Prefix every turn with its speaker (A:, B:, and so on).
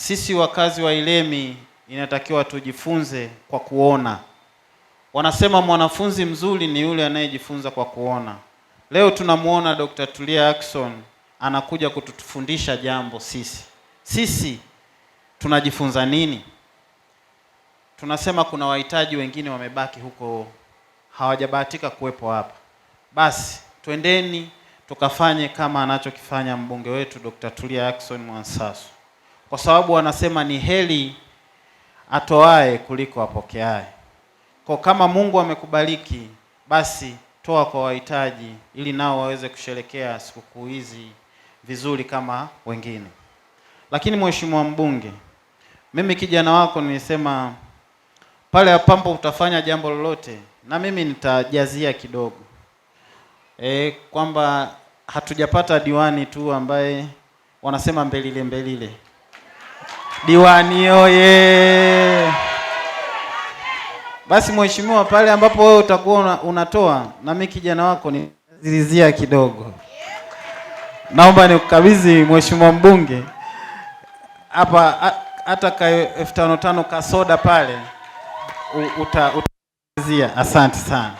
A: Sisi wakazi wa Ilemi inatakiwa tujifunze kwa kuona. Wanasema mwanafunzi mzuri ni yule anayejifunza kwa kuona. Leo tunamwona Dr. Tulia Ackson anakuja kutufundisha jambo sisi. Sisi tunajifunza nini? Tunasema kuna wahitaji wengine wamebaki huko hawajabahatika kuwepo hapa. Basi twendeni tukafanye kama anachokifanya mbunge wetu Dr. Tulia Ackson Mwansasu kwa sababu wanasema ni heri atoae kuliko apokeae Kwa kama Mungu amekubariki basi toa kwa wahitaji, ili nao waweze kusherekea sikukuu hizi vizuri kama wengine. Lakini mheshimiwa mbunge, mimi kijana wako nilisema pale ambapo utafanya jambo lolote, na mimi nitajazia kidogo e, kwamba hatujapata diwani tu ambaye wanasema mbelile mbelile Diwani oye! Basi mheshimiwa, pale ambapo wewe utakuwa unatoa, na mimi kijana wako nizirizia kidogo, naomba nikukabidhi mheshimiwa mbunge hapa hata ka elfu tano tano kasoda pale utazia. asante sana.